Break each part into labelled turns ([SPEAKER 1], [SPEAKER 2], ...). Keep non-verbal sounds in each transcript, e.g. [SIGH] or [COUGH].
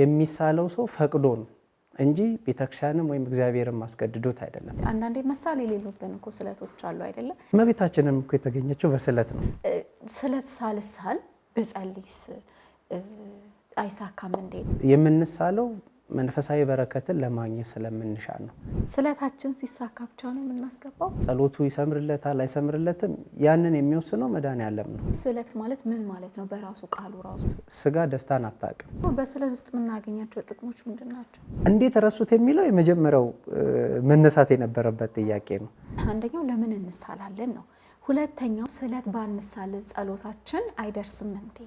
[SPEAKER 1] የሚሳለው ሰው ፈቅዶ ነው እንጂ ቤተክርስቲያንም ወይም እግዚአብሔርን ማስገድዶት አይደለም።
[SPEAKER 2] አንዳንዴ መሳሌ ሌሉብን እኮ ስለቶች አሉ አይደለም።
[SPEAKER 1] እመቤታችንም እኮ የተገኘችው በስለት ነው።
[SPEAKER 2] ስለት ሳልሳል ብጸልይስ አይሳካም እንዴ?
[SPEAKER 1] የምንሳለው መንፈሳዊ በረከትን ለማግኘት ስለምንሻ ነው።
[SPEAKER 2] ስለታችን ሲሳካ ብቻ ነው የምናስገባው።
[SPEAKER 1] ጸሎቱ ይሰምርለታል አይሰምርለትም፣ ያንን የሚወስነው መድኃኔዓለም ነው።
[SPEAKER 2] ስለት ማለት ምን ማለት ነው? በራሱ ቃሉ ራሱ
[SPEAKER 1] ስጋ ደስታን አታውቅም።
[SPEAKER 2] በስለት ውስጥ የምናገኛቸው ጥቅሞች ምንድን ናቸው?
[SPEAKER 1] እንዴት ረሱት የሚለው የመጀመሪያው መነሳት የነበረበት ጥያቄ ነው።
[SPEAKER 2] አንደኛው ለምን እንሳላለን ነው ሁለተኛው ስለት ባንሳል ጸሎታችን አይደርስም እንዴ?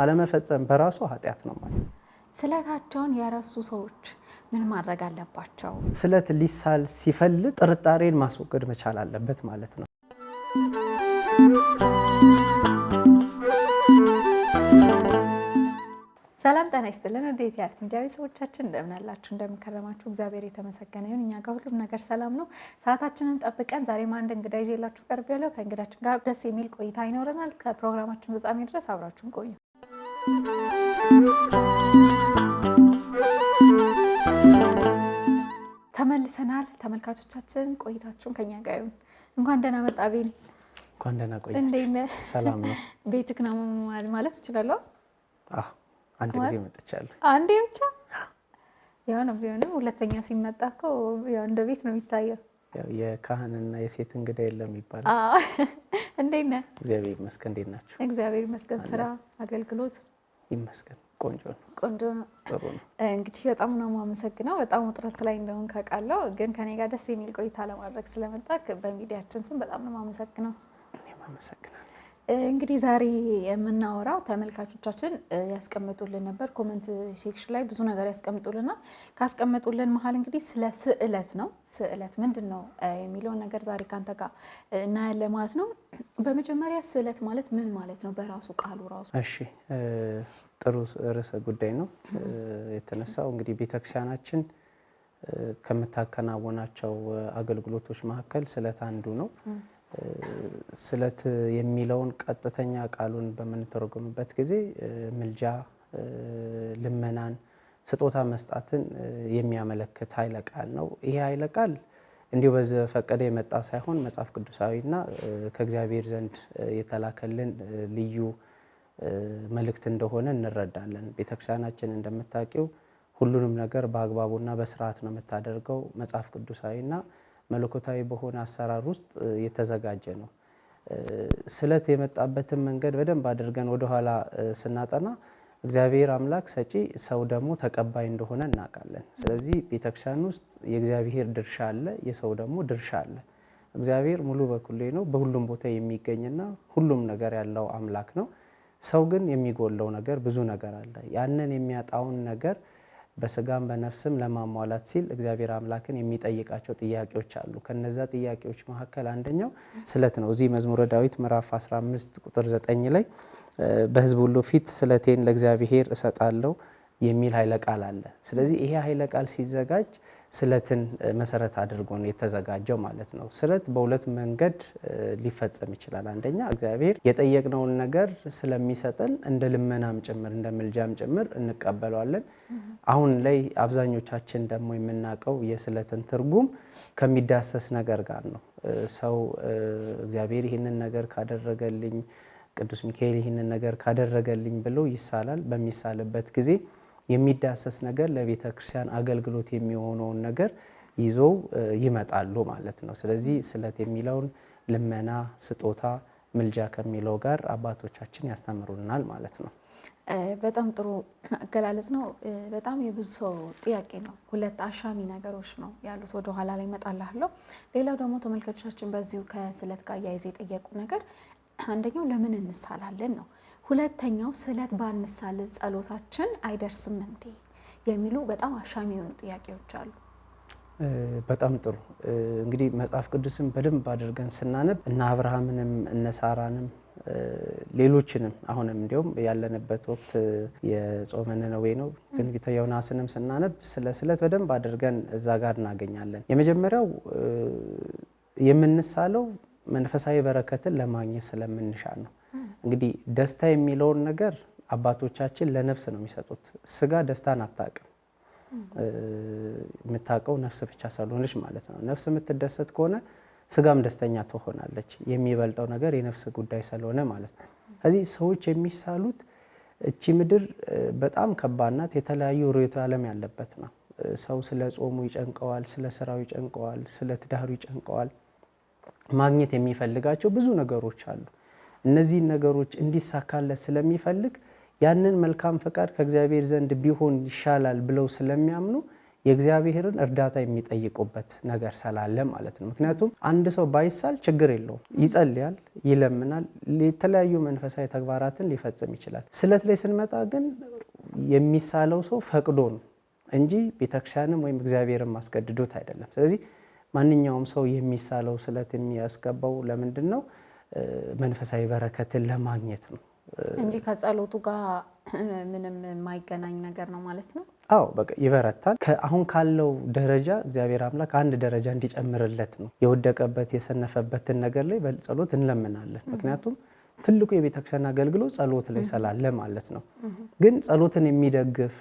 [SPEAKER 1] አለመፈጸም በራሱ ኃጢአት ነው ማለት ነው።
[SPEAKER 2] ስለታቸውን የረሱ ሰዎች ምን ማድረግ አለባቸው?
[SPEAKER 1] ስለት ሊሳል ሲፈልግ ጥርጣሬን ማስወገድ መቻል አለበት ማለት ነው።
[SPEAKER 2] ሰላም ጤና ይስጥልን። እንዴት ያርት ሚዲያ ቤተሰቦቻችን እንደምን አላችሁ? እንደምንከረማችሁ? እግዚአብሔር የተመሰገነ ይሁን። እኛ ጋር ሁሉም ነገር ሰላም ነው። ሰዓታችንን ጠብቀን ዛሬም አንድ እንግዳ ይዤላችሁ ቀርብ ያለው ከእንግዳችን ጋር ደስ የሚል ቆይታ ይኖረናል። ከፕሮግራማችን ፍጻሜ ድረስ አብራችሁን ቆዩ። ተመልሰናል። ተመልካቾቻችን ቆይታችሁን ከኛ ጋር ይሁን። እንኳን ደህና መጣ ቤን።
[SPEAKER 1] እንኳን ደህና ቆይ። እንዴት ነህ? ሰላም ነው።
[SPEAKER 2] ቤትክ ነው ማለት እችላለሁ?
[SPEAKER 1] አንድ ጊዜ መጥቻለሁ።
[SPEAKER 2] አንዴ ብቻ የሆነ ቢሆንም ሁለተኛ ሲመጣ እኮ ያው እንደ ቤት ነው የሚታየው።
[SPEAKER 1] ያው የካህንና የሴት እንግዳ የለም ይባላል።
[SPEAKER 2] [LAUGHS] እንዴት ነህ?
[SPEAKER 1] እግዚአብሔር ይመስገን። እንዴት ናቸው?
[SPEAKER 2] እግዚአብሔር ይመስገን። ስራ፣ አገልግሎት
[SPEAKER 1] ይመስገን። ቆንጆ ነው። ቆንጆ ነው። ጥሩ ነው።
[SPEAKER 2] እንግዲህ በጣም ነው የማመሰግነው። በጣም ውጥረት ላይ እንደሆን ካውቃለሁ፣ ግን ከኔ ጋር ደስ የሚል ቆይታ ለማድረግ ስለመጣ በሚዲያችን ስም በጣም ነው የማመሰግነው።
[SPEAKER 1] እኔም አመሰግናለሁ።
[SPEAKER 2] እንግዲህ ዛሬ የምናወራው ተመልካቾቻችን ያስቀምጡልን ነበር ኮመንት ሴክሽን ላይ ብዙ ነገር ያስቀምጡልናል። ካስቀምጡልን መሀል እንግዲህ ስለ ስዕለት ነው። ስዕለት ምንድን ነው የሚለውን ነገር ዛሬ ከአንተ ጋር እናያለን ማለት ነው። በመጀመሪያ ስዕለት ማለት ምን ማለት ነው? በራሱ ቃሉ ራሱ።
[SPEAKER 1] እሺ፣ ጥሩ ርዕሰ ጉዳይ ነው የተነሳው። እንግዲህ ቤተክርስቲያናችን ከምታከናወናቸው አገልግሎቶች መካከል ስዕለት አንዱ ነው። ስለት የሚለውን ቀጥተኛ ቃሉን በምንተረጉምበት ጊዜ ምልጃ፣ ልመናን፣ ስጦታ መስጣትን የሚያመለክት ኃይለ ቃል ነው። ይሄ ኃይለ ቃል እንዲሁ በዘፈቀደ የመጣ ሳይሆን መጽሐፍ ቅዱሳዊና ከእግዚአብሔር ዘንድ የተላከልን ልዩ መልእክት እንደሆነ እንረዳለን። ቤተክርስቲያናችን እንደምታውቂው ሁሉንም ነገር በአግባቡና በስርዓት ነው የምታደርገው። መጽሐፍ ቅዱሳዊና መለኮታዊ በሆነ አሰራር ውስጥ የተዘጋጀ ነው። ስለት የመጣበትን መንገድ በደንብ አድርገን ወደኋላ ስናጠና እግዚአብሔር አምላክ ሰጪ፣ ሰው ደግሞ ተቀባይ እንደሆነ እናውቃለን። ስለዚህ ቤተክርስቲያን ውስጥ የእግዚአብሔር ድርሻ አለ፣ የሰው ደግሞ ድርሻ አለ። እግዚአብሔር ሙሉ በኩሌ ነው፣ በሁሉም ቦታ የሚገኝና ሁሉም ነገር ያለው አምላክ ነው። ሰው ግን የሚጎለው ነገር ብዙ ነገር አለ። ያንን የሚያጣውን ነገር በስጋም በነፍስም ለማሟላት ሲል እግዚአብሔር አምላክን የሚጠይቃቸው ጥያቄዎች አሉ። ከነዛ ጥያቄዎች መካከል አንደኛው ስለት ነው። እዚህ መዝሙረ ዳዊት ምዕራፍ 15 ቁጥር 9 ላይ በህዝብ ሁሉ ፊት ስለቴን ለእግዚአብሔር እሰጣለሁ የሚል ኃይለ ቃል አለ። ስለዚህ ይሄ ኃይለ ቃል ሲዘጋጅ ስለትን መሰረት አድርጎ ነው የተዘጋጀው ማለት ነው። ስለት በሁለት መንገድ ሊፈጸም ይችላል። አንደኛ እግዚአብሔር የጠየቅነውን ነገር ስለሚሰጠን እንደ ልመናም ጭምር እንደ ምልጃም ጭምር እንቀበለዋለን። አሁን ላይ አብዛኞቻችን ደግሞ የምናውቀው የስለትን ትርጉም ከሚዳሰስ ነገር ጋር ነው። ሰው እግዚአብሔር ይህንን ነገር ካደረገልኝ፣ ቅዱስ ሚካኤል ይህንን ነገር ካደረገልኝ ብሎ ይሳላል። በሚሳልበት ጊዜ የሚዳሰስ ነገር ለቤተ ክርስቲያን አገልግሎት የሚሆነውን ነገር ይዘው ይመጣሉ ማለት ነው። ስለዚህ ስለት የሚለውን ልመና፣ ስጦታ፣ ምልጃ ከሚለው ጋር አባቶቻችን ያስተምሩናል ማለት ነው።
[SPEAKER 2] በጣም ጥሩ አገላለጽ ነው። በጣም የብዙ ሰው ጥያቄ ነው። ሁለት አሻሚ ነገሮች ነው ያሉት፣ ወደ ኋላ ላይ እመጣላለሁ። ሌላው ደግሞ ተመልካቾቻችን በዚሁ ከስለት ጋር አያይዘው የጠየቁ ነገር አንደኛው ለምን እንሳላለን ነው ሁለተኛው ስለት ባንሳልን ጸሎታችን አይደርስም እንዴ የሚሉ በጣም አሻሚ የሆኑ ጥያቄዎች አሉ።
[SPEAKER 1] በጣም ጥሩ እንግዲህ መጽሐፍ ቅዱስን በደንብ አድርገን ስናነብ እነ አብርሃምንም እነ ሳራንም ሌሎችንም አሁንም እንዲሁም ያለንበት ወቅት የጾመ ነነዌ ነው። ትንቢተ ዮናስንም ስናነብ ስለ ስለት በደንብ አድርገን እዛ ጋር እናገኛለን። የመጀመሪያው የምንሳለው መንፈሳዊ በረከትን ለማግኘት ስለምንሻ ነው። እንግዲህ ደስታ የሚለውን ነገር አባቶቻችን ለነፍስ ነው የሚሰጡት። ስጋ ደስታን አታውቅም። የምታውቀው ነፍስ ብቻ ስለሆነች ማለት ነው። ነፍስ የምትደሰት ከሆነ ስጋም ደስተኛ ትሆናለች። የሚበልጠው ነገር የነፍስ ጉዳይ ስለሆነ ማለት ነው። ከዚህ ሰዎች የሚሳሉት እቺ ምድር በጣም ከባድ ናት። የተለያዩ ርዕዮተ ዓለም ያለበት ነው። ሰው ስለ ጾሙ ይጨንቀዋል፣ ስለ ስራው ይጨንቀዋል፣ ስለ ትዳሩ ይጨንቀዋል። ማግኘት የሚፈልጋቸው ብዙ ነገሮች አሉ። እነዚህን ነገሮች እንዲሳካለት ስለሚፈልግ ያንን መልካም ፈቃድ ከእግዚአብሔር ዘንድ ቢሆን ይሻላል ብለው ስለሚያምኑ የእግዚአብሔርን እርዳታ የሚጠይቁበት ነገር ስላለ ማለት ነው። ምክንያቱም አንድ ሰው ባይሳል ችግር የለውም፣ ይጸልያል፣ ይለምናል፣ የተለያዩ መንፈሳዊ ተግባራትን ሊፈጽም ይችላል። ስለት ላይ ስንመጣ ግን የሚሳለው ሰው ፈቅዶ ነው እንጂ ቤተክርስቲያንም ወይም እግዚአብሔርን ማስገድዶት አይደለም። ስለዚህ ማንኛውም ሰው የሚሳለው ስለት የሚያስገባው ለምንድን ነው? መንፈሳዊ በረከትን ለማግኘት ነው
[SPEAKER 2] እንጂ ከጸሎቱ ጋር ምንም የማይገናኝ ነገር ነው ማለት ነው።
[SPEAKER 1] አዎ በቃ ይበረታል። አሁን ካለው ደረጃ እግዚአብሔር አምላክ አንድ ደረጃ እንዲጨምርለት ነው። የወደቀበት የሰነፈበትን ነገር ላይ በጸሎት እንለምናለን። ምክንያቱም ትልቁ የቤተክርስቲያን አገልግሎት ጸሎት ላይ ስላለ ማለት ነው። ግን ጸሎትን የሚደግፍ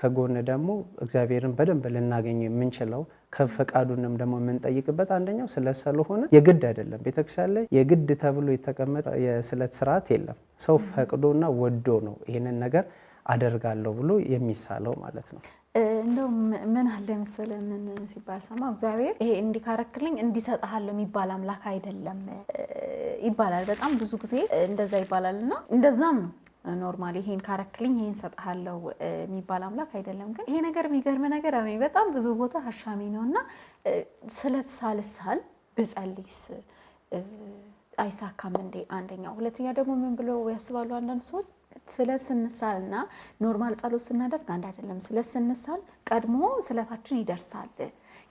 [SPEAKER 1] ከጎን ደግሞ እግዚአብሔርን በደንብ ልናገኝ የምንችለው ከፈቃዱንም ደግሞ የምንጠይቅበት አንደኛው ስለት ስለሆነ የግድ አይደለም። ቤተክርስቲያን ላይ የግድ ተብሎ የተቀመጠ የስለት ስርዓት የለም። ሰው ፈቅዶና ወዶ ነው ይህንን ነገር አደርጋለሁ ብሎ የሚሳለው ማለት ነው።
[SPEAKER 2] እንደውም ምን አለ መሰለ ምን ሲባል ሰማ እግዚአብሔር ይሄ እንዲካረክልኝ እንዲሰጥሃለሁ የሚባል አምላክ አይደለም ይባላል። በጣም ብዙ ጊዜ እንደዛ ይባላል እና እንደዛም ነው ኖርማል ይሄን ካረክልኝ ይሄን ሰጥሃለው የሚባል አምላክ አይደለም። ግን ይሄ ነገር የሚገርም ነገር በጣም ብዙ ቦታ አሻሚ ነው እና ስለሳልሳል ብጸልይስ አይሳካም እንዴ? አንደኛው። ሁለተኛ ደግሞ ምን ብሎ ያስባሉ አንዳንድ ሰዎች ስለ ስንሳል እና ኖርማል ጸሎት ስናደርግ አንድ አይደለም። ስለ ስንሳል ቀድሞ ስለታችን ይደርሳል።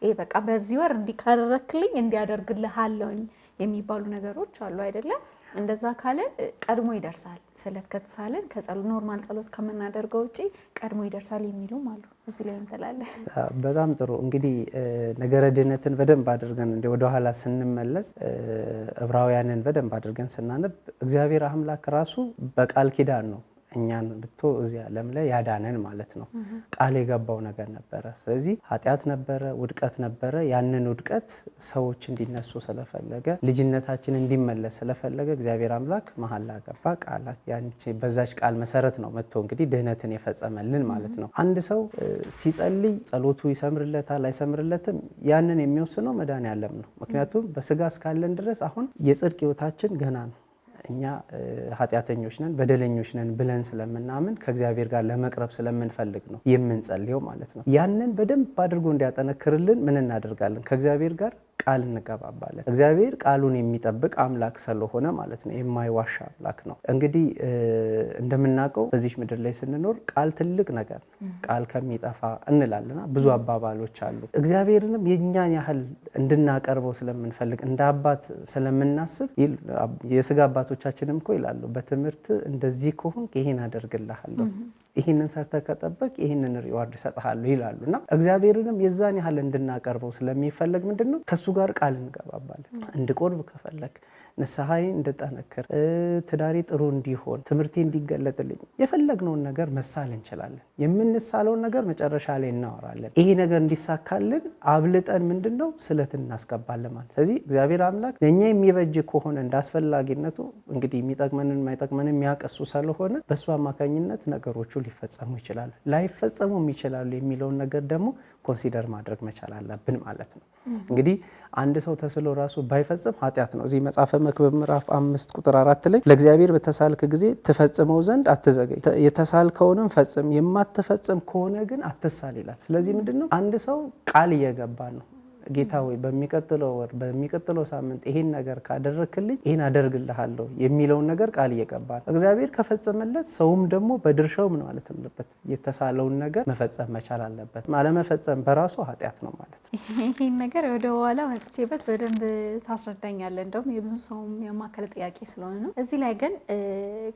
[SPEAKER 2] ይሄ በቃ በዚህ ወር እንዲከረክልኝ እንዲያደርግልሃለውኝ የሚባሉ ነገሮች አሉ አይደለም እንደዛ ካለ ቀድሞ ይደርሳል ስለት ከተሳለን ከጸሎ ኖርማል ጸሎት ከምናደርገው ውጭ ቀድሞ ይደርሳል የሚሉም አሉ። እዚህ ላይ እንላለን።
[SPEAKER 1] በጣም ጥሩ እንግዲህ ነገረ ድህነትን በደንብ አድርገን እንደ ወደኋላ ስንመለስ ዕብራውያንን በደንብ አድርገን ስናነብ እግዚአብሔር አምላክ ራሱ በቃል ኪዳን ነው እኛን ብቶ እዚህ ዓለም ላይ ያዳነን ማለት ነው። ቃል የገባው ነገር ነበረ። ስለዚህ ኃጢአት ነበረ፣ ውድቀት ነበረ። ያንን ውድቀት ሰዎች እንዲነሱ ስለፈለገ፣ ልጅነታችን እንዲመለስ ስለፈለገ እግዚአብሔር አምላክ መሐላ ገባ ቃላት በዛች ቃል መሰረት ነው መጥቶ እንግዲህ ድህነትን የፈጸመልን ማለት ነው። አንድ ሰው ሲጸልይ ጸሎቱ ይሰምርለታል አይሰምርለትም፣ ያንን የሚወስነው መድኃኔዓለም ነው። ምክንያቱም በስጋ እስካለን ድረስ አሁን የጽድቅ ህይወታችን ገና ነው። እኛ ኃጢአተኞች ነን በደለኞች ነን ብለን ስለምናምን ከእግዚአብሔር ጋር ለመቅረብ ስለምንፈልግ ነው የምንጸልየው ማለት ነው። ያንን በደንብ አድርጎ እንዲያጠነክርልን ምን እናደርጋለን? ከእግዚአብሔር ጋር ቃል እንገባባለን። እግዚአብሔር ቃሉን የሚጠብቅ አምላክ ስለሆነ ማለት ነው፣ የማይዋሻ አምላክ ነው። እንግዲህ እንደምናውቀው በዚህ ምድር ላይ ስንኖር ቃል ትልቅ ነገር ነው፣ ቃል ከሚጠፋ እንላለና ብዙ አባባሎች አሉ። እግዚአብሔርንም የእኛን ያህል እንድናቀርበው ስለምንፈልግ እንደ አባት ስለምናስብ የስጋ አባቶቻችንም እኮ ይላሉ በትምህርት እንደዚህ ከሆን ይሄን አደርግልሃለሁ ይህንን ሰርተህ ከጠበቅ ይህንን ሪዋርድ እሰጥሃለሁ ይላሉ እና እግዚአብሔርንም የዛን ያህል እንድናቀርበው ስለሚፈለግ ምንድን ነው ከእሱ ጋር ቃል እንገባባለን። እንድቆርብ ከፈለግ ንስሐዬ እንድጠነክር፣ ትዳሬ ጥሩ እንዲሆን፣ ትምህርቴ እንዲገለጥልኝ የፈለግነውን ነገር መሳል እንችላለን። የምንሳለውን ነገር መጨረሻ ላይ እናወራለን። ይሄ ነገር እንዲሳካልን አብልጠን ምንድን ነው ስለትን እናስገባለን ማለት። ስለዚህ እግዚአብሔር አምላክ ለእኛ የሚበጅ ከሆነ እንዳስፈላጊነቱ እንግዲህ የሚጠቅመንን የማይጠቅመንን የሚያቀሱ ስለሆነ በእሱ አማካኝነት ነገሮቹ ሊፈጸሙ ይችላሉ፣ ላይፈጸሙም ይችላሉ የሚለውን ነገር ደግሞ ኮንሲደር ማድረግ መቻል አለብን ማለት ነው። እንግዲህ አንድ ሰው ተስሎ ራሱ ባይፈጽም ኃጢአት ነው። እዚህ መጽሐፈ መክብብ ምዕራፍ አምስት ቁጥር አራት ላይ ለእግዚአብሔር በተሳልክ ጊዜ ትፈጽመው ዘንድ አትዘገይ፣ የተሳልከውንም ፈጽም፣ የማትፈጽም ከሆነ ግን አትሳል ይላል። ስለዚህ ምንድን ነው አንድ ሰው ቃል እየገባ ነው ጌታ ወይ በሚቀጥለው ወር በሚቀጥለው ሳምንት ይሄን ነገር ካደረክልኝ ይሄን አደርግልሃለሁ የሚለውን ነገር ቃል እየቀባል እግዚአብሔር ከፈጸመለት ሰውም ደግሞ በድርሻው ምን ማለት አለበት? የተሳለውን ነገር መፈጸም መቻል አለበት። አለመፈጸም በራሱ ኃጢአት ነው ማለት
[SPEAKER 2] ነው። ይህን ነገር ወደ ኋላ መጥቼበት በደንብ ታስረዳኛለ። እንደውም የብዙ ሰውም ያማከለ ጥያቄ ስለሆነ ነው። እዚህ ላይ ግን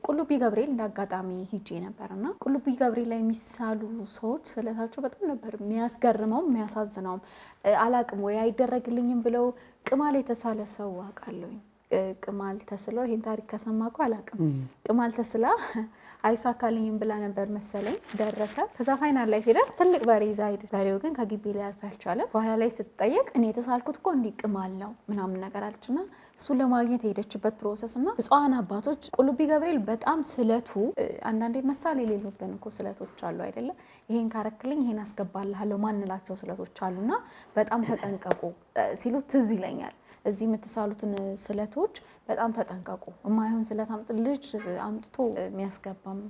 [SPEAKER 2] ቁልቢ ገብርኤል እንደ አጋጣሚ ሂጄ ነበር እና ቁልቢ ገብርኤል ላይ የሚሳሉ ሰዎች ስለታቸው በጣም ነበር የሚያስገርመውም የሚያሳዝነውም አላቅም ወይ አይደረግልኝም ብለው ቅማል የተሳለ ሰው አውቃለሁኝ። ቅማል ተስለው ይሄን ታሪክ ከሰማ አላቅም። ቅማል ተስላ አይሳካልኝም ብላ ነበር መሰለኝ። ደረሰ። ከዛ ፋይናል ላይ ሲደርስ ትልቅ በሬ ይዛ በሬው ግን ከግቢ ላይ አልፍ አልቻለም። በኋላ ላይ ስትጠየቅ እኔ የተሳልኩት እኮ እንዲቅማል ነው ምናምን ነገር አለችና እሱ ለማግኘት የሄደችበት ፕሮሰስ እና ብፁዓን አባቶች ቁልቢ ገብርኤል በጣም ስለቱ አንዳንዴ መሳሌ የሌሉብን እኮ ስለቶች አሉ አይደለም። ይሄን ካረክልኝ ይሄን አስገባልሃለሁ ማንላቸው ስለቶች አሉና በጣም ተጠንቀቁ ሲሉ ትዝ ይለኛል። እዚህ የምትሳሉትን ስለቶች በጣም ተጠንቀቁ። የማይሆን ስለት ልጅ አምጥቶ የሚያስገባም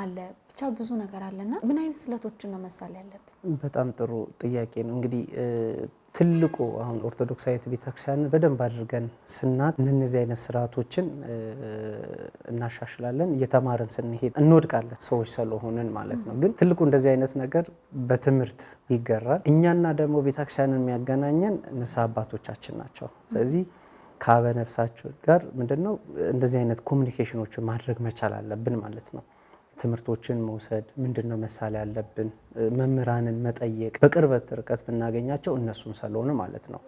[SPEAKER 2] አለ። ብቻ ብዙ ነገር አለና ምን አይነት ስለቶችን ነው መሳል ያለብን?
[SPEAKER 1] በጣም ጥሩ ጥያቄ ነው እንግዲህ ትልቁ አሁን ኦርቶዶክሳዊት ቤተክርስቲያን በደንብ አድርገን ስናት እነዚህ አይነት ስርዓቶችን እናሻሽላለን። እየተማረን ስንሄድ እንወድቃለን ሰዎች ስለሆንን ማለት ነው። ግን ትልቁ እንደዚህ አይነት ነገር በትምህርት ይገራል። እኛና ደግሞ ቤተክርስቲያንን የሚያገናኘን ንስሐ አባቶቻችን ናቸው። ስለዚህ ከአበ ነፍሳችን ጋር ምንድነው እንደዚህ አይነት ኮሚኒኬሽኖችን ማድረግ መቻል አለብን ማለት ነው። ትምህርቶችን መውሰድ ምንድን ነው መሳል ያለብን፣ መምህራንን መጠየቅ፣ በቅርበት ርቀት ብናገኛቸው እነሱም ስለሆነ ማለት ነው።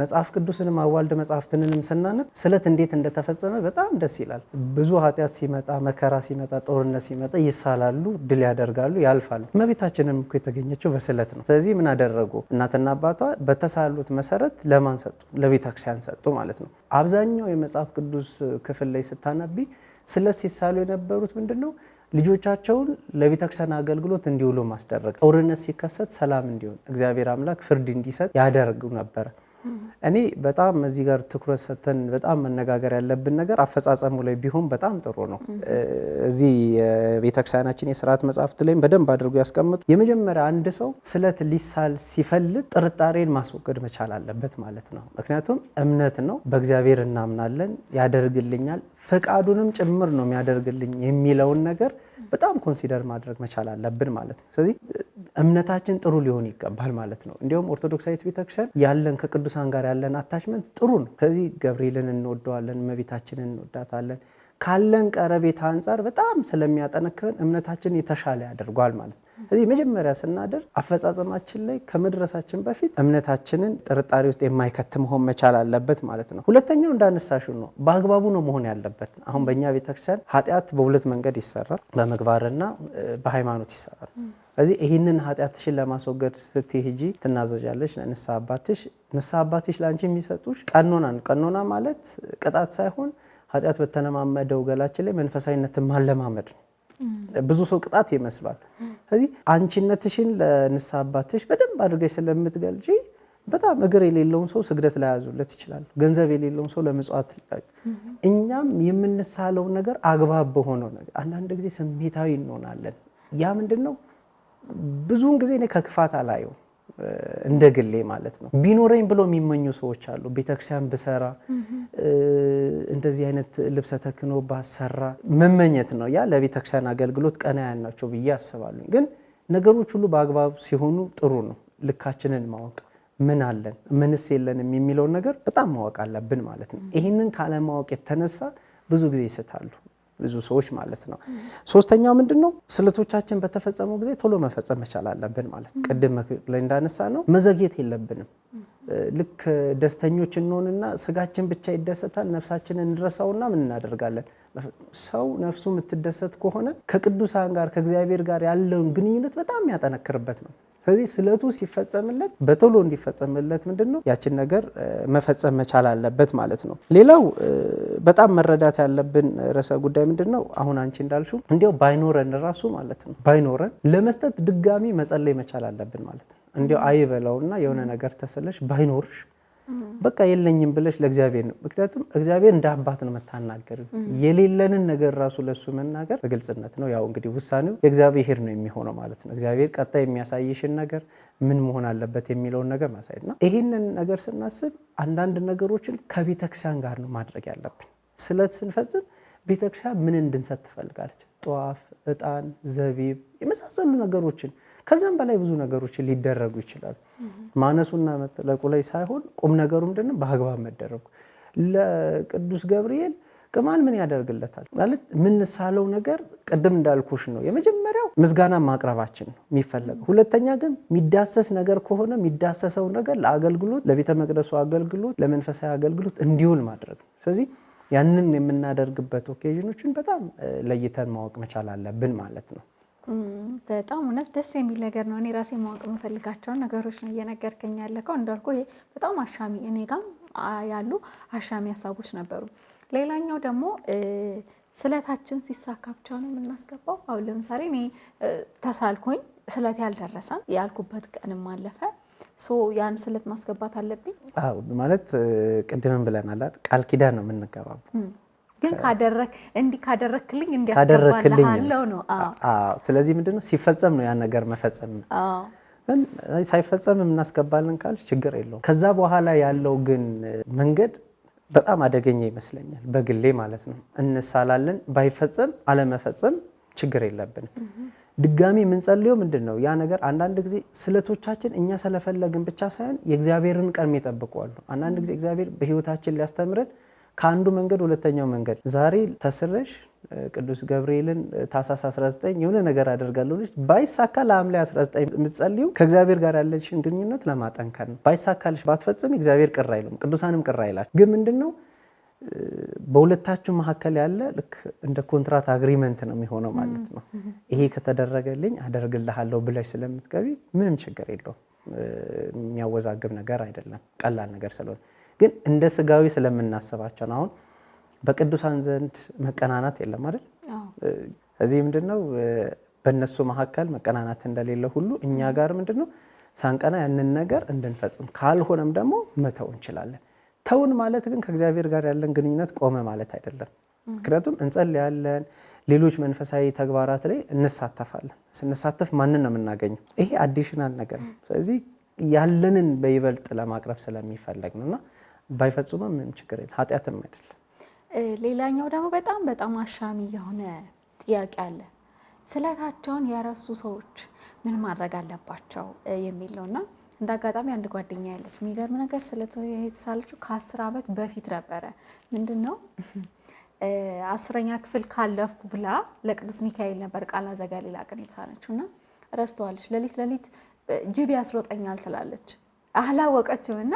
[SPEAKER 1] መጽሐፍ ቅዱስንም አዋልድ መጽሐፍትንንም ስናነብ ስለት እንዴት እንደተፈጸመ በጣም ደስ ይላል። ብዙ ኃጢአት ሲመጣ፣ መከራ ሲመጣ፣ ጦርነት ሲመጣ ይሳላሉ፣ ድል ያደርጋሉ፣ ያልፋሉ። እመቤታችንም እኮ የተገኘችው በስለት ነው። ስለዚህ ምን አደረጉ? እናትና አባቷ በተሳሉት መሰረት ለማን ሰጡ? ለቤተክርስቲያን ሰጡ ማለት ነው። አብዛኛው የመጽሐፍ ቅዱስ ክፍል ላይ ስታነቢ ስለት ሲሳሉ የነበሩት ምንድን ነው ልጆቻቸውን ለቤተክርስቲያን አገልግሎት እንዲውሉ ማስደረግ፣ ጦርነት ሲከሰት ሰላም እንዲሆን እግዚአብሔር አምላክ ፍርድ እንዲሰጥ ያደርጉ ነበረ። እኔ በጣም እዚህ ጋር ትኩረት ሰጥተን በጣም መነጋገር ያለብን ነገር አፈጻጸሙ ላይ ቢሆን በጣም ጥሩ ነው። እዚህ ቤተክርስቲያናችን የስርዓት መጽሐፍት ላይም በደንብ አድርጎ ያስቀምጡ። የመጀመሪያ አንድ ሰው ስለት ሊሳል ሲፈልግ ጥርጣሬን ማስወገድ መቻል አለበት ማለት ነው። ምክንያቱም እምነት ነው። በእግዚአብሔር እናምናለን፣ ያደርግልኛል፣ ፈቃዱንም ጭምር ነው የሚያደርግልኝ የሚለውን ነገር በጣም ኮንሲደር ማድረግ መቻል አለብን ማለት ነው። ስለዚህ እምነታችን ጥሩ ሊሆን ይገባል ማለት ነው። እንዲሁም ኦርቶዶክሳዊት ቤተክርስቲያን ያለን ከቅዱሳን ጋር ያለን አታችመንት ጥሩ ነው። ስለዚህ ገብርኤልን እንወደዋለን፣ እመቤታችንን እንወዳታለን። ካለን ቀረቤታ አንጻር በጣም ስለሚያጠነክረን እምነታችን የተሻለ ያደርጓል ማለት ነው። ስለዚህ መጀመሪያ ስናደር አፈጻጸማችን ላይ ከመድረሳችን በፊት እምነታችንን ጥርጣሬ ውስጥ የማይከት መሆን መቻል አለበት ማለት ነው። ሁለተኛው እንዳነሳሹ ነው፣ በአግባቡ ነው መሆን ያለበት። አሁን በእኛ ቤተክርስቲያን ኃጢአት በሁለት መንገድ ይሰራል፣ በምግባርና በሃይማኖት ይሰራል። ስለዚህ ይህንን ኃጢአትሽን ለማስወገድ ስትሄጂ ትናዘዣለሽ። ንስሐ አባትሽ ንስሐ አባትሽ ለአንቺ የሚሰጡሽ ቀኖናን ቀኖና ማለት ቅጣት ሳይሆን ኃጢአት በተለማመደው ገላችን ላይ መንፈሳዊነትን ማለማመድ ነው። ብዙ ሰው ቅጣት ይመስላል። ስለዚህ አንቺነትሽን ለንስሐ አባትሽ በደንብ አድርገሽ ስለምትገልጪ በጣም እግር የሌለውን ሰው ስግደት ላያዙለት ይችላል። ገንዘብ የሌለውን ሰው ለምጽዋት። እኛም የምንሳለው ነገር አግባብ በሆነው ነገር። አንዳንድ ጊዜ ስሜታዊ እንሆናለን። ያ ምንድን ነው? ብዙውን ጊዜ እኔ ከክፋት አላየው እንደ ግሌ ማለት ነው። ቢኖረኝ ብሎ የሚመኙ ሰዎች አሉ። ቤተክርስቲያን ብሰራ እንደዚህ አይነት ልብሰ ተክኖ ባሰራ መመኘት ነው። ያ ለቤተክርስቲያን አገልግሎት ቀና ናቸው ብዬ አስባሉ ግን ነገሮች ሁሉ በአግባብ ሲሆኑ ጥሩ ነው። ልካችንን ማወቅ ምን አለን ምንስ የለንም የሚለውን ነገር በጣም ማወቅ አለብን ማለት ነው። ይህንን ካለማወቅ የተነሳ ብዙ ጊዜ ይስታሉ። ብዙ ሰዎች ማለት ነው። ሶስተኛው ምንድን ነው? ስልቶቻችን በተፈጸሙ ጊዜ ቶሎ መፈጸም መቻል አለብን ማለት ቅድም ላይ እንዳነሳ ነው መዘግየት የለብንም። ልክ ደስተኞች እንሆንና ስጋችን ብቻ ይደሰታል፣ ነፍሳችንን እንረሳውና ምን እናደርጋለን? ሰው ነፍሱ የምትደሰት ከሆነ ከቅዱሳን ጋር ከእግዚአብሔር ጋር ያለውን ግንኙነት በጣም የሚያጠነክርበት ነው። ስለዚህ ስለቱ ሲፈጸምለት በቶሎ እንዲፈጸምለት ምንድን ነው ያችን ነገር መፈጸም መቻል አለበት ማለት ነው። ሌላው በጣም መረዳት ያለብን ርዕሰ ጉዳይ ምንድን ነው፣ አሁን አንቺ እንዳልሹ እንዲያው ባይኖረን ራሱ ማለት ነው ባይኖረን ለመስጠት ድጋሚ መጸለይ መቻል አለብን ማለት ነው። እንዲያው አይበለውና የሆነ ነገር ተስለሽ ባይኖርሽ በቃ የለኝም ብለሽ ለእግዚአብሔር ነው። ምክንያቱም እግዚአብሔር እንደ አባት ነው የምታናገር። የሌለንን ነገር ራሱ ለሱ መናገር በግልጽነት ነው። ያው እንግዲህ ውሳኔው የእግዚአብሔር ነው የሚሆነው ማለት ነው። እግዚአብሔር ቀጣይ የሚያሳይሽን ነገር ምን መሆን አለበት የሚለውን ነገር ማሳየት ነው። ይህንን ነገር ስናስብ አንዳንድ ነገሮችን ከቤተክርስቲያን ጋር ነው ማድረግ ያለብን። ስለት ስንፈጽም ቤተክርስቲያን ምን እንድንሰጥ ትፈልጋለች? ጧፍ፣ እጣን፣ ዘቢብ የመሳሰሉ ነገሮችን ከዛም በላይ ብዙ ነገሮች ሊደረጉ ይችላሉ። ማነሱና መጥለቁ ላይ ሳይሆን ቁም ነገሩ ምንድነው በአግባብ መደረጉ። ለቅዱስ ገብርኤል ቅማል ምን ያደርግለታል ማለት የምንሳለው ነገር ቅድም እንዳልኩሽ ነው። የመጀመሪያው ምስጋና ማቅረባችን ነው የሚፈለገው። ሁለተኛ ግን የሚዳሰስ ነገር ከሆነ የሚዳሰሰው ነገር ለአገልግሎት ለቤተ መቅደሱ አገልግሎት፣ ለመንፈሳዊ አገልግሎት እንዲውል ማድረግ ነው። ስለዚህ ያንን የምናደርግበት ኦኬዥኖችን በጣም ለይተን ማወቅ መቻል አለብን ማለት ነው።
[SPEAKER 2] በጣም እውነት ደስ የሚል ነገር ነው። እኔ ራሴ ማወቅ የምፈልጋቸውን ነገሮች ነው እየነገርከኝ ያለከው። እንዳልኩ ይሄ በጣም አሻሚ እኔ ጋም ያሉ አሻሚ ሀሳቦች ነበሩ። ሌላኛው ደግሞ ስለታችን ሲሳካ ብቻ ነው የምናስገባው። አሁን ለምሳሌ እኔ ተሳልኩኝ፣ ስለት ያልደረሰም ያልኩበት ቀንም አለፈ። ያን ስለት ማስገባት አለብኝ
[SPEAKER 1] ማለት ቅድምን ብለናል፣ ቃል ኪዳን ነው የምንገባቡ
[SPEAKER 2] ግን እንዲህ ካደረክልኝ
[SPEAKER 1] እንዲያስገባልኝ ነው። ስለዚህ ምንድነው ሲፈጸም ነው ያን ነገር መፈጸም ነው። ሳይፈጸም የምናስገባልን ካል ችግር የለውም። ከዛ በኋላ ያለው ግን መንገድ በጣም አደገኛ ይመስለኛል፣ በግሌ ማለት ነው። እንሳላለን። ባይፈጸም አለመፈጸም ችግር የለብንም። ድጋሚ የምንጸልየው ምንድን ነው ያ ነገር አንዳንድ ጊዜ ስለቶቻችን እኛ ስለፈለግን ብቻ ሳይሆን የእግዚአብሔርን ቀን ይጠብቋሉ። አንዳንድ ጊዜ እግዚአብሔር በህይወታችን ሊያስተምረን ከአንዱ መንገድ ሁለተኛው መንገድ ዛሬ ተስረሽ ቅዱስ ገብርኤልን ታሳስ 19 የሆነ ነገር አደርጋለሁ ልጅ ባይሳካ ለሐምሌ 19 የምትጸልዩ ከእግዚአብሔር ጋር ያለሽን ግንኙነት ለማጠንከር ነው። ባይሳካልሽ ባትፈጽም እግዚአብሔር ቅር አይሉም፣ ቅዱሳንም ቅር አይላቸው። ግን ምንድን ነው በሁለታችሁ መካከል ያለ ልክ እንደ ኮንትራት አግሪመንት ነው የሚሆነው ማለት ነው። ይሄ ከተደረገልኝ አደርግልሃለሁ ብለሽ ስለምትገቢ ምንም ችግር የለውም። የሚያወዛግብ ነገር አይደለም፣ ቀላል ነገር ስለሆነ ግን እንደ ስጋዊ ስለምናስባቸው ነው። አሁን በቅዱሳን ዘንድ መቀናናት የለም አይደል? እዚህ ምንድን ነው በእነሱ መካከል መቀናናት እንደሌለ ሁሉ እኛ ጋር ምንድን ነው ሳንቀና ያንን ነገር እንድንፈጽም ካልሆነም ደግሞ መተው እንችላለን። ተውን ማለት ግን ከእግዚአብሔር ጋር ያለን ግንኙነት ቆመ ማለት አይደለም። ምክንያቱም እንጸልያለን፣ ሌሎች መንፈሳዊ ተግባራት ላይ እንሳተፋለን። ስንሳተፍ ማንን ነው የምናገኘው? ይሄ አዲሽናል ነገር ነው። ስለዚህ ያለንን በይበልጥ ለማቅረብ ስለሚፈለግ ነውና ባይፈጽሙም ምንም ችግር የለም፣ ኃጢአትም አይደለም።
[SPEAKER 2] ሌላኛው ደግሞ በጣም በጣም አሻሚ የሆነ ጥያቄ አለ። ስለታቸውን የረሱ ሰዎች ምን ማድረግ አለባቸው የሚል ነው እና እንደ አጋጣሚ አንድ ጓደኛ ያለች የሚገርም ነገር ስለት የተሳለችው ከአስር ዓመት በፊት ነበረ። ምንድን ነው አስረኛ ክፍል ካለፍኩ ብላ ለቅዱስ ሚካኤል ነበር አዘጋ ሌላ ቀን የተሳለችው እና ረስተዋለች። ሌሊት ሌሊት ጅብ ያስሮጠኛል ትላለች። አላወቀችም እና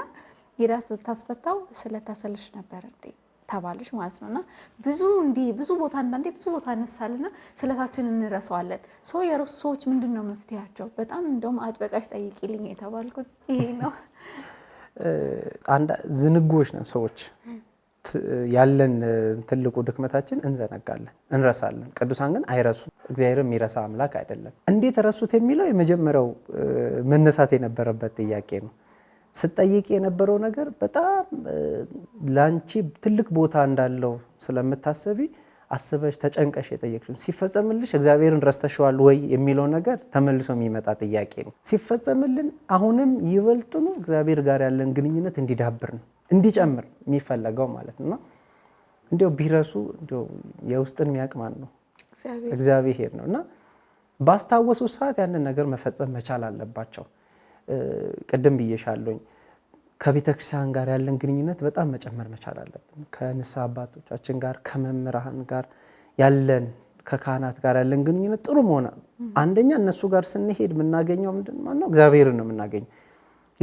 [SPEAKER 2] ሄዳ ስታስፈታው ስለታሰልሽ ነበር እንዴ ተባለች ማለት ነው። እና ብዙ እንዲህ ብዙ ቦታ አንዳንዴ ብዙ ቦታ እነሳልና ስለታችን እንረሳዋለን። ሰው የረሱ ሰዎች ምንድን ነው መፍትሄያቸው? በጣም እንደውም አጥበቃሽ ጠይቂልኝ የተባልኩት ይሄ ነው።
[SPEAKER 1] [LAUGHS] ዝንጉዎች ነን ሰዎች። ያለን ትልቁ ድክመታችን እንዘነጋለን፣ እንረሳለን። ቅዱሳን ግን አይረሱም። እግዚአብሔርም የሚረሳ አምላክ አይደለም። እንዴት ረሱት የሚለው የመጀመሪያው መነሳት የነበረበት ጥያቄ ነው። ስጠይቅ የነበረው ነገር በጣም ለአንቺ ትልቅ ቦታ እንዳለው ስለምታሰቢ አስበሽ ተጨንቀሽ የጠየቅሽው ሲፈጸምልሽ እግዚአብሔርን ረስተሸዋል ወይ የሚለው ነገር ተመልሶ የሚመጣ ጥያቄ ነው። ሲፈጸምልን አሁንም ይበልጥኑ እግዚአብሔር ጋር ያለን ግንኙነት እንዲዳብር ነው እንዲጨምር የሚፈለገው ማለት ነው። እንዲያው ቢረሱ የውስጥን የሚያቅማን ነው እግዚአብሔር ነው እና ባስታወሱ ሰዓት ያንን ነገር መፈጸም መቻል አለባቸው። ቅድም ብዬሻለኝ ከቤተክርስቲያን ጋር ያለን ግንኙነት በጣም መጨመር መቻል አለብን። ከንስሐ አባቶቻችን ጋር፣ ከመምህራን ጋር ያለን ከካህናት ጋር ያለን ግንኙነት ጥሩ መሆን አንደኛ እነሱ ጋር ስንሄድ የምናገኘው ምንድን ነው? እግዚአብሔርን ነው የምናገኘው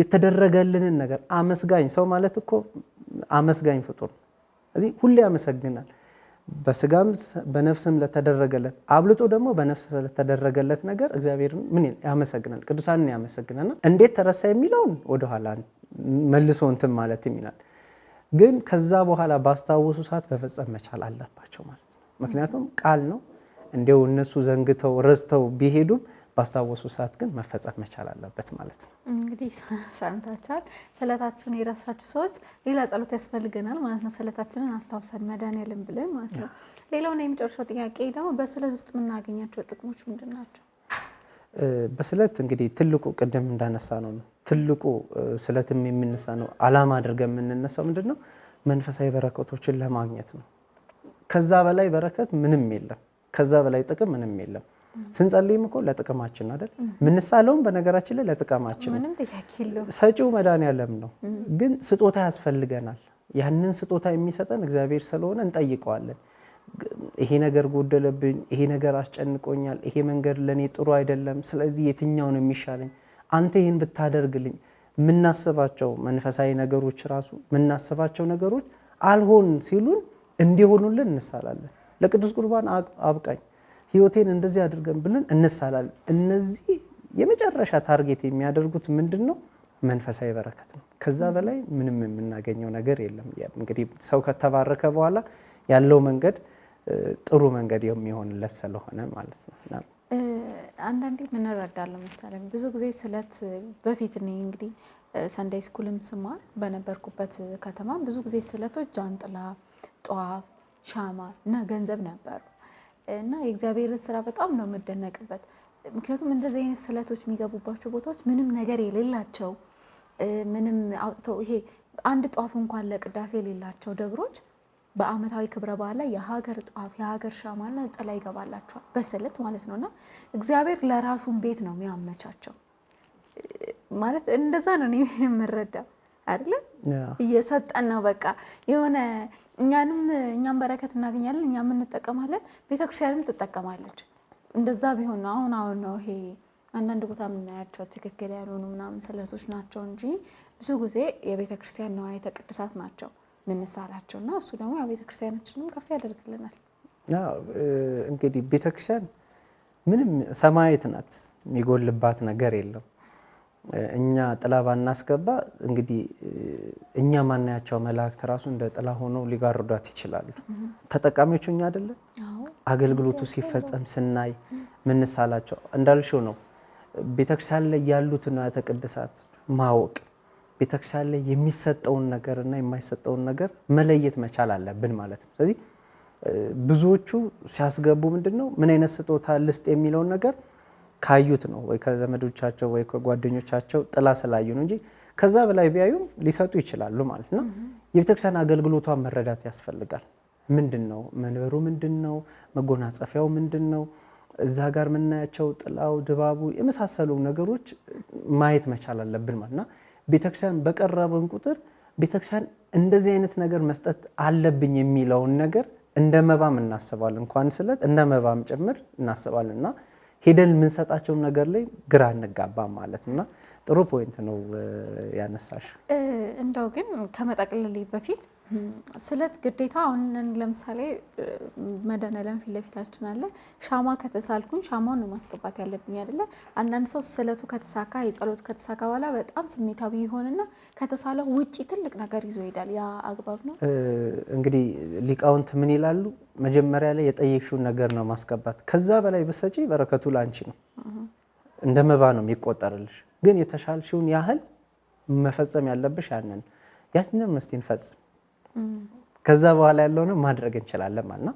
[SPEAKER 1] የተደረገልንን ነገር። አመስጋኝ ሰው ማለት እኮ አመስጋኝ ፍጡር እዚህ ሁሌ ያመሰግናል። በስጋም በነፍስም ለተደረገለት አብልጦ ደግሞ በነፍስ ለተደረገለት ነገር እግዚአብሔር ምን ያመሰግናል? ቅዱሳንን ያመሰግናል። እንዴት ተረሳ የሚለውን ወደኋላ መልሶ እንትን ማለት ይላል። ግን ከዛ በኋላ ባስታወሱ ሰዓት በፈጸም መቻል አለባቸው ማለት ነው። ምክንያቱም ቃል ነው። እንዲው እነሱ ዘንግተው ረስተው ቢሄዱም ባስታወሱ ሰዓት ግን መፈጸም መቻል አለበት ማለት ነው።
[SPEAKER 2] እንግዲህ ሰምታችኋል። ስዕለታችሁን የረሳችሁ ሰዎች ሌላ ጸሎት ያስፈልገናል ማለት ነው። ስዕለታችንን አስታውሰን መድኃኔዓለም ብለን ማለት ነው። ሌላውና የመጨረሻው ጥያቄ ደግሞ በስዕለት ውስጥ የምናገኛቸው ጥቅሞች ምንድን ናቸው?
[SPEAKER 1] በስዕለት እንግዲህ ትልቁ ቅድም እንዳነሳ ነው ትልቁ ስዕለትም የምንነሳ ነው አላማ አድርገን የምንነሳው ምንድን ነው? መንፈሳዊ በረከቶችን ለማግኘት ነው። ከዛ በላይ በረከት ምንም የለም። ከዛ በላይ ጥቅም ምንም የለም። ስንጸልይም እኮ ለጥቅማችን አይደል? ምንሳለውም በነገራችን ላይ ለጥቅማችን ነው። ሰጪው መድኃኔዓለም ነው። ግን ስጦታ ያስፈልገናል። ያንን ስጦታ የሚሰጠን እግዚአብሔር ስለሆነ እንጠይቀዋለን። ይሄ ነገር ጎደለብኝ፣ ይሄ ነገር አስጨንቆኛል፣ ይሄ መንገድ ለእኔ ጥሩ አይደለም፣ ስለዚህ የትኛውን የሚሻለኝ አንተ ይህን ብታደርግልኝ። የምናስባቸው መንፈሳዊ ነገሮች ራሱ የምናስባቸው ነገሮች አልሆን ሲሉን እንዲሆኑልን እንሳላለን። ለቅዱስ ቁርባን አብቃኝ ህይወቴን እንደዚህ አድርገን ብለን እንሳላል። እነዚህ የመጨረሻ ታርጌት የሚያደርጉት ምንድን ነው? መንፈሳዊ በረከት ነው። ከዛ በላይ ምንም የምናገኘው ነገር የለም። እንግዲህ ሰው ከተባረከ በኋላ ያለው መንገድ ጥሩ መንገድ የሚሆንለት ስለሆነ ማለት ነው።
[SPEAKER 2] አንዳንዴ ምንረዳለሁ መሰለኝ ብዙ ጊዜ ስለት በፊት እኔ እንግዲህ ሰንዳይ ስኩልም ስማር በነበርኩበት ከተማ ብዙ ጊዜ ስለቶች ጃንጥላ፣ ጧፍ፣ ሻማ እና ገንዘብ ነበሩ። እና የእግዚአብሔርን ስራ በጣም ነው የምደነቅበት። ምክንያቱም እንደዚህ አይነት ስለቶች የሚገቡባቸው ቦታዎች ምንም ነገር የሌላቸው ምንም አውጥተው ይሄ አንድ ጧፍ እንኳን ለቅዳሴ የሌላቸው ደብሮች በአመታዊ ክብረ በዓል ላይ የሀገር ጧፍ የሀገር ሻማና ጥላ ይገባላቸዋል በስልት ማለት ነው። እና እግዚአብሔር ለራሱን ቤት ነው የሚያመቻቸው ማለት እንደዛ ነው እኔ አይደለም እየሰጠን ነው። በቃ የሆነ እኛንም እኛም በረከት እናገኛለን፣ እኛም እንጠቀማለን፣ ቤተክርስቲያንም ትጠቀማለች። እንደዛ ቢሆን ነው። አሁን አሁን ነው ይሄ አንዳንድ ቦታ የምናያቸው ትክክል ያልሆኑ ምናምን ስለቶች ናቸው እንጂ ብዙ ጊዜ የቤተክርስቲያን ንዋየ ቅድሳት ናቸው ምንሳላቸው እና እሱ ደግሞ ቤተክርስቲያናችንም ከፍ ያደርግልናል።
[SPEAKER 1] እንግዲህ ቤተክርስቲያን ምንም ሰማያዊት ናት፣ የሚጎልባት ነገር የለም። እኛ ጥላ ባናስገባ እንግዲህ እኛ ማናያቸው መላእክት ራሱ እንደ ጥላ ሆኖ ሊጋርዷት ይችላሉ። ተጠቃሚዎቹ እኛ አይደለም? አገልግሎቱ ሲፈጸም ስናይ ምንሳላቸው እንዳልሽው ነው። ቤተክርስቲያን ላይ ያሉት ንዋያተ ቅድሳት ማወቅ ቤተክርስቲያን ላይ የሚሰጠውን ነገር እና የማይሰጠውን ነገር መለየት መቻል አለብን ማለት ነው። ስለዚህ ብዙዎቹ ሲያስገቡ ምንድን ነው ምን አይነት ስጦታ ልስጥ የሚለውን ነገር ካዩት ነው ወይ ከዘመዶቻቸው ወይ ከጓደኞቻቸው ጥላ ስላዩ ነው እንጂ ከዛ በላይ ቢያዩም ሊሰጡ ይችላሉ ማለት ነው። የቤተክርስቲያን አገልግሎቷን መረዳት ያስፈልጋል። ምንድን ነው መንበሩ? ምንድን ነው መጎናጸፊያው? ምንድን ነው እዛ ጋር የምናያቸው ጥላው፣ ድባቡ የመሳሰሉ ነገሮች ማየት መቻል አለብን ማለት ነው። ቤተክርስቲያን በቀረብን ቁጥር ቤተክርስቲያን እንደዚህ አይነት ነገር መስጠት አለብኝ የሚለውን ነገር እንደ መባም እናስባለን። እንኳን ስለት እንደ መባም ጭምር እናስባለን እና ሄደን የምንሰጣቸውም ነገር ላይ ግራ እንጋባም ማለት እና ጥሩ ፖይንት ነው ያነሳሽ።
[SPEAKER 2] እንደው ግን ከመጠቅለሌ በፊት ስለት ግዴታ አሁን ለምሳሌ መድኃኒዓለም ፊት ለፊታችን አለ። ሻማ ከተሳልኩኝ ሻማውን ነው ማስገባት ያለብኝ አይደለ? አንዳንድ ሰው ስለቱ ከተሳካ የጸሎት ከተሳካ በኋላ በጣም ስሜታዊ ይሆንና ከተሳለ ውጪ ትልቅ ነገር ይዞ ይሄዳል። ያ አግባብ ነው?
[SPEAKER 1] እንግዲህ ሊቃውንት ምን ይላሉ? መጀመሪያ ላይ የጠየቅሽውን ነገር ነው ማስገባት። ከዛ በላይ ብሰጪ በረከቱ ለአንቺ ነው፣ እንደ መባ ነው የሚቆጠርልሽ። ግን የተሻልሽውን ያህል መፈጸም ያለብሽ ያንን ያችንን መስቴን ፈጽም ከዛ በኋላ ያለውን ማድረግ እንችላለን ማለት ነው።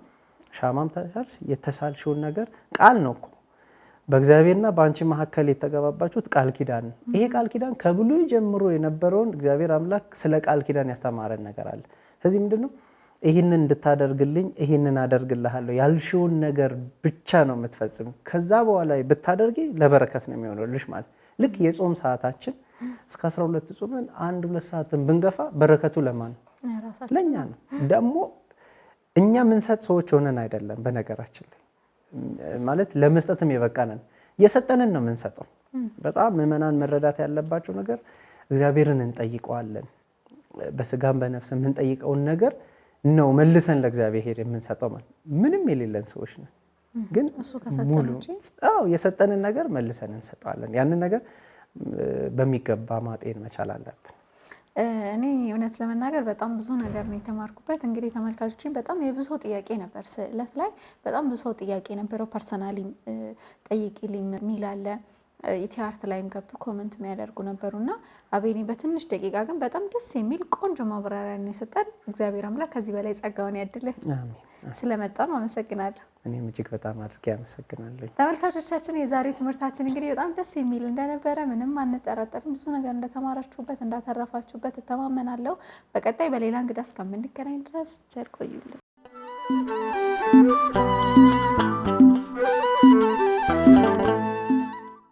[SPEAKER 1] ሻማም ታሻርስ የተሳልሽውን ነገር ቃል ነው እኮ በእግዚአብሔርና በአንቺ መካከል የተገባባችሁት ቃል ኪዳን። ይሄ ቃል ኪዳን ከብሉይ ጀምሮ የነበረውን እግዚአብሔር አምላክ ስለ ቃል ኪዳን ያስተማረን ነገር አለ። ስለዚህ ምንድን ነው ይህንን እንድታደርግልኝ ይህንን አደርግልሃለሁ ያልሽውን ነገር ብቻ ነው የምትፈጽሙ። ከዛ በኋላ ብታደርጊ ለበረከት ነው የሚሆንልሽ ማለት ልክ የጾም ሰዓታችን እስከ 12 ጾምን አንድ ሁለት ሰዓትን ብንገፋ በረከቱ ለማን ለእኛ ነው። ደግሞ እኛ ምንሰጥ ሰዎች ሆነን አይደለም። በነገራችን ላይ ማለት ለመስጠትም የበቃንን የሰጠንን ነው የምንሰጠው። በጣም ምዕመናን መረዳት ያለባቸው ነገር እግዚአብሔርን እንጠይቀዋለን። በስጋም በነፍስ የምንጠይቀውን ነገር ነው መልሰን ለእግዚአብሔር የምንሰጠው። ማለት ምንም የሌለን ሰዎች ነን፣ ግን ሙሉ የሰጠንን ነገር መልሰን እንሰጠዋለን። ያንን ነገር በሚገባ ማጤን መቻል አለብን።
[SPEAKER 2] እኔ እውነት ለመናገር በጣም ብዙ ነገር ነው የተማርኩበት። እንግዲህ ተመልካቾችን በጣም የብዙ ጥያቄ ነበር ስዕለት ላይ በጣም ብዙ ጥያቄ ነበረው። ፐርሰናሊ ጠይቂልኝ የሚል አለ። ኢቲ አርት ላይም ገብቶ ኮመንት የሚያደርጉ ነበሩና አቤኔ በትንሽ ደቂቃ ግን በጣም ደስ የሚል ቆንጆ ማብራሪያ ነው የሰጠን። እግዚአብሔር አምላክ ከዚህ በላይ ጸጋውን ያድልህ። ስለመጣ ነው አመሰግናለሁ።
[SPEAKER 1] እኔም እጅግ በጣም አድርጌ አመሰግናለኝ።
[SPEAKER 2] ተመልካቾቻችን የዛሬ ትምህርታችን እንግዲህ በጣም ደስ የሚል እንደነበረ ምንም አንጠራጠርም። ብዙ ነገር እንደተማራችሁበት እንዳተረፋችሁበት እተማመናለሁ። በቀጣይ በሌላ እንግዳ እስከምንገናኝ ድረስ ቸር ቆዩልን።